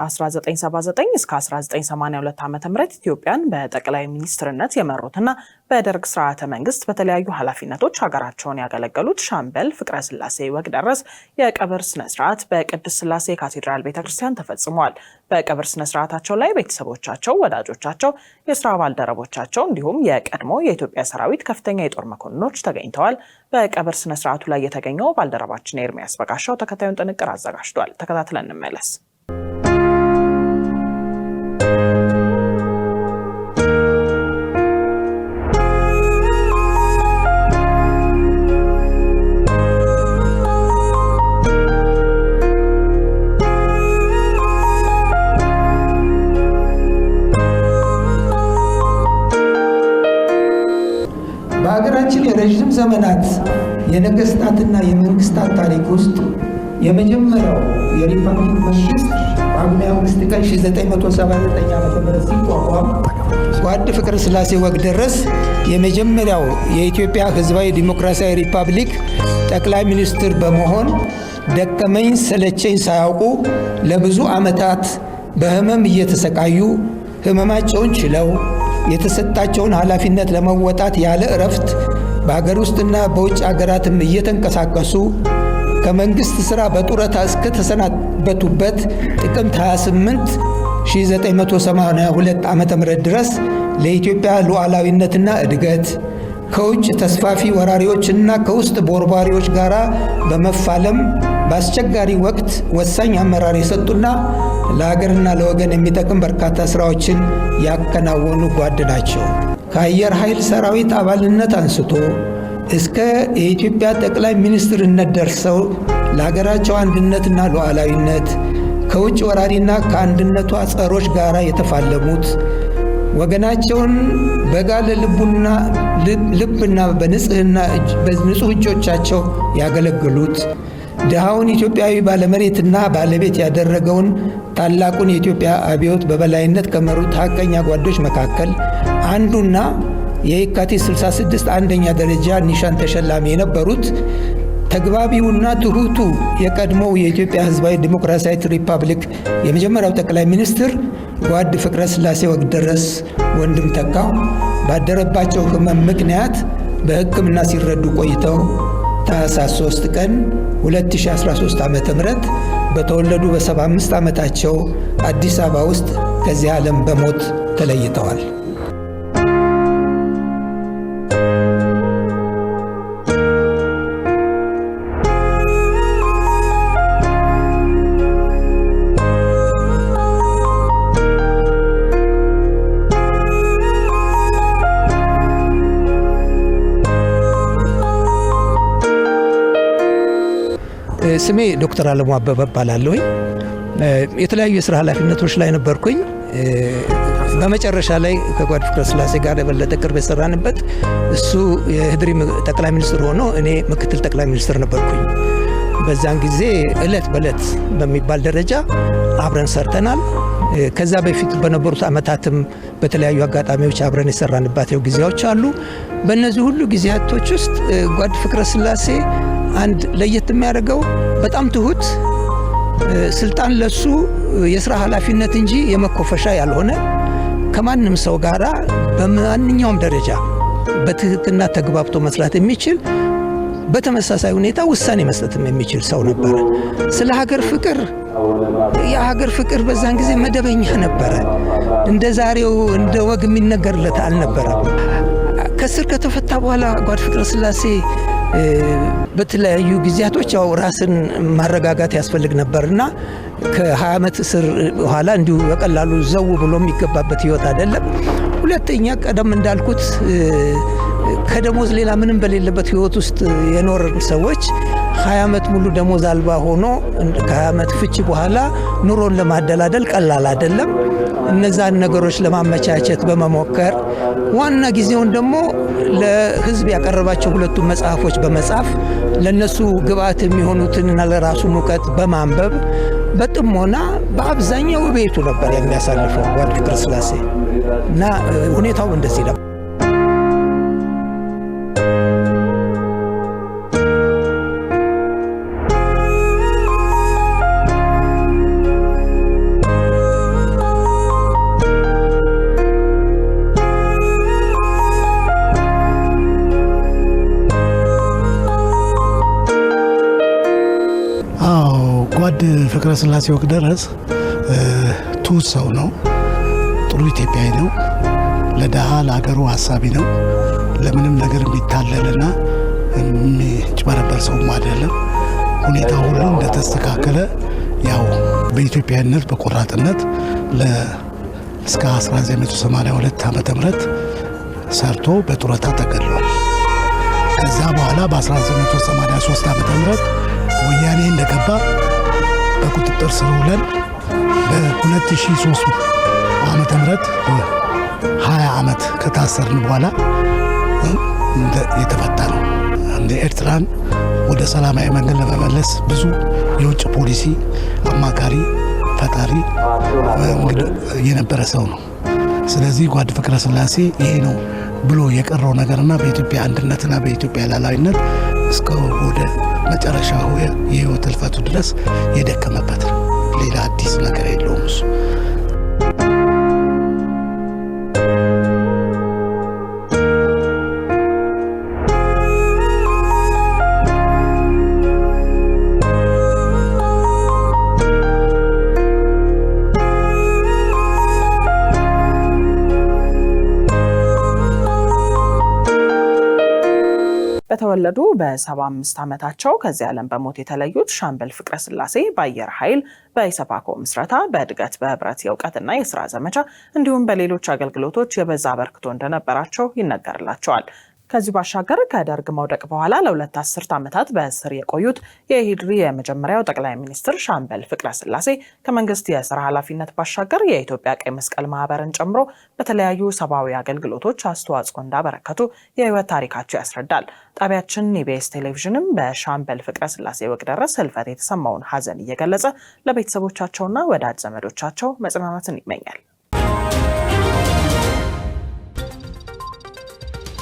ከ1979 እስከ 1982 ዓ ም ኢትዮጵያን በጠቅላይ ሚኒስትርነት የመሩትና በደርግ ስርዓተ መንግስት በተለያዩ ኃላፊነቶች ሀገራቸውን ያገለገሉት ሻምበል ፍቅረ ስላሴ ወግደረስ የቀብር ስነስርዓት በቅድስት ስላሴ ካቴድራል ቤተክርስቲያን ተፈጽሟል። በቀብር ስነስርዓታቸው ላይ ቤተሰቦቻቸው፣ ወዳጆቻቸው፣ የስራ ባልደረቦቻቸው እንዲሁም የቀድሞ የኢትዮጵያ ሰራዊት ከፍተኛ የጦር መኮንኖች ተገኝተዋል። በቀብር ስነስርዓቱ ላይ የተገኘው ባልደረባችን ኤርሚያስ በጋሻው ተከታዩን ጥንቅር አዘጋጅቷል። ተከታትለን እንመለስ። በሀገራችን የረዥም ዘመናት የነገስታትና የመንግስታት ታሪክ ውስጥ የመጀመሪያው የሪፐብሊክ መንግስት ጳጉሜ መንግስት ቀን 979 ዓ ም ሲቋቋም ጓድ ፍቅረ ሥላሴ ወግደረስ የመጀመሪያው የኢትዮጵያ ህዝባዊ ዲሞክራሲያዊ ሪፐብሊክ ጠቅላይ ሚኒስትር በመሆን ደከመኝ ሰለቸኝ ሳያውቁ ለብዙ ዓመታት በህመም እየተሰቃዩ ህመማቸውን ችለው የተሰጣቸውን ኃላፊነት ለመወጣት ያለ እረፍት በአገር ውስጥና በውጭ አገራትም እየተንቀሳቀሱ ከመንግሥት ሥራ በጡረታ እስከተሰናበቱበት ጥቅምት 28 1982 ዓ ም ድረስ ለኢትዮጵያ ሉዓላዊነትና እድገት ከውጭ ተስፋፊ ወራሪዎችና ከውስጥ ቦርባሪዎች ጋር በመፋለም በአስቸጋሪ ወቅት ወሳኝ አመራር የሰጡና ለሀገርና ለወገን የሚጠቅም በርካታ ስራዎችን ያከናወኑ ጓድ ናቸው። ከአየር ኃይል ሰራዊት አባልነት አንስቶ እስከ የኢትዮጵያ ጠቅላይ ሚኒስትርነት ደርሰው ለሀገራቸው አንድነትና ሉዓላዊነት ከውጭ ወራሪና ከአንድነቷ ጸሮች ጋር የተፋለሙት ወገናቸውን በጋለ ልቡና ልብና በንጽህና በንጹህ እጆቻቸው ያገለግሉት ድሃውን ኢትዮጵያዊ ባለመሬትና ባለቤት ያደረገውን ታላቁን የኢትዮጵያ አብዮት በበላይነት ከመሩት ሀቀኛ ጓዶች መካከል አንዱና የየካቲት 66 አንደኛ ደረጃ ኒሻን ተሸላሚ የነበሩት ተግባቢውና ትሁቱ የቀድሞው የኢትዮጵያ ሕዝባዊ ዲሞክራሲያዊት ሪፐብሊክ የመጀመሪያው ጠቅላይ ሚኒስትር ጓድ ፍቅረ ሥላሴ ወግደረስ ወንድም ተካው ባደረባቸው ህመም ምክንያት በሕክምና ሲረዱ ቆይተው ታኅሳስ 3 ቀን 2013 ዓ ም በተወለዱ በ75 ዓመታቸው አዲስ አበባ ውስጥ ከዚህ ዓለም በሞት ተለይተዋል። ስሜ ዶክተር አለሙ አበበ እባላለሁኝ። የተለያዩ የስራ ኃላፊነቶች ላይ ነበርኩኝ። በመጨረሻ ላይ ከጓድ ፍቅረ ስላሴ ጋር የበለጠ ቅርብ የሰራንበት እሱ የህድሪ ጠቅላይ ሚኒስትር ሆኖ እኔ ምክትል ጠቅላይ ሚኒስትር ነበርኩኝ። በዛን ጊዜ እለት በእለት በሚባል ደረጃ አብረን ሰርተናል። ከዛ በፊት በነበሩት አመታትም በተለያዩ አጋጣሚዎች አብረን የሰራንባቸው ጊዜያዎች አሉ። በእነዚህ ሁሉ ጊዜያቶች ውስጥ ጓድ ፍቅረ ስላሴ አንድ ለየት የሚያደርገው በጣም ትሁት ስልጣን ለሱ የስራ ኃላፊነት እንጂ የመኮፈሻ ያልሆነ ከማንም ሰው ጋር በማንኛውም ደረጃ በትህትና ተግባብቶ መስራት የሚችል በተመሳሳይ ሁኔታ ውሳኔ መስጠትም የሚችል ሰው ነበረ። ስለ ሀገር ፍቅር የሀገር ፍቅር በዛን ጊዜ መደበኛ ነበረ። እንደ ዛሬው እንደ ወግ የሚነገርለት አልነበረም። ከስር ከተፈታ በኋላ ጓድ ፍቅረ ስላሴ በተለያዩ ጊዜያቶች ያው ራስን ማረጋጋት ያስፈልግ ነበር እና ከ20 ዓመት እስር በኋላ እንዲሁ በቀላሉ ዘው ብሎ የሚገባበት ህይወት አይደለም። ሁለተኛ ቀደም እንዳልኩት ከደሞዝ ሌላ ምንም በሌለበት ህይወት ውስጥ የኖርን ሰዎች ሀያ ዓመት ሙሉ ደሞዝ አልባ ሆኖ ከሀያ ዓመት ፍቺ በኋላ ኑሮን ለማደላደል ቀላል አይደለም። እነዛን ነገሮች ለማመቻቸት በመሞከር ዋና ጊዜውን ደግሞ ለህዝብ ያቀረባቸው ሁለቱ መጽሐፎች በመጻፍ ለነሱ ግብአት የሚሆኑትንና ለራሱ ሙቀት በማንበብ በጥሞና በአብዛኛው ቤቱ ነበር የሚያሳልፈው ጓድ ፍቅረ ስላሴ እና ሁኔታው እንደዚህ ነበር። ፍቅረ ስላሴ ድረስ ትሁት ሰው ነው። ጥሩ ኢትዮጵያዊ ነው። ለድሃ ለአገሩ ሀሳቢ ነው። ለምንም ነገር የሚታለልና የሚጭበረበር ሰውም አይደለም። ሁኔታ ሁሉ እንደተስተካከለ ያው በኢትዮጵያዊነት በቆራጥነት እስከ 1982 ዓ ምህረት ሰርቶ በጡረታ ተገድሏል። ከዛ በኋላ በ1983 ዓ ምህረት ወያኔ እንደገባ በቁጥጥር ስር ውለን በ2003 ዓመተ ምህረት 20 ዓመት ከታሰርን በኋላ የተፈታ ነው። እንደ ኤርትራን ወደ ሰላማዊ መንገድ ለመመለስ ብዙ የውጭ ፖሊሲ አማካሪ ፈጣሪ የነበረ ሰው ነው። ስለዚህ ጓድ ፍቅረ ስላሴ ይሄ ነው ብሎ የቀረው ነገርና በኢትዮጵያ አንድነትና በኢትዮጵያ ላላዊነት እስከ ወደ መጨረሻው የህይወት እልፈቱ ድረስ የደከመበት ነው። ሌላ አዲስ ነገር የለውም እሱ የተወለዱ በ75 ዓመታቸው ከዚህ ዓለም በሞት የተለዩት ሻምበል ፍቅረ ስላሴ በአየር ኃይል በኢሰፓኮ ምስረታ በእድገት በህብረት የእውቀትና የስራ ዘመቻ እንዲሁም በሌሎች አገልግሎቶች የበዛ አበርክቶ እንደነበራቸው ይነገርላቸዋል። ከዚሁ ባሻገር ከደርግ መውደቅ በኋላ ለሁለት አስርት ዓመታት በእስር የቆዩት የሂድሪ የመጀመሪያው ጠቅላይ ሚኒስትር ሻምበል ፍቅረ ስላሴ ከመንግስት የስራ ኃላፊነት ባሻገር የኢትዮጵያ ቀይ መስቀል ማህበርን ጨምሮ በተለያዩ ሰብአዊ አገልግሎቶች አስተዋጽኦ እንዳበረከቱ የህይወት ታሪካቸው ያስረዳል። ጣቢያችን ኢቢኤስ ቴሌቪዥንም በሻምበል ፍቅረ ስላሴ ወግደረስ ህልፈት የተሰማውን ሀዘን እየገለጸ ለቤተሰቦቻቸውና ወዳጅ ዘመዶቻቸው መጽናናትን ይመኛል።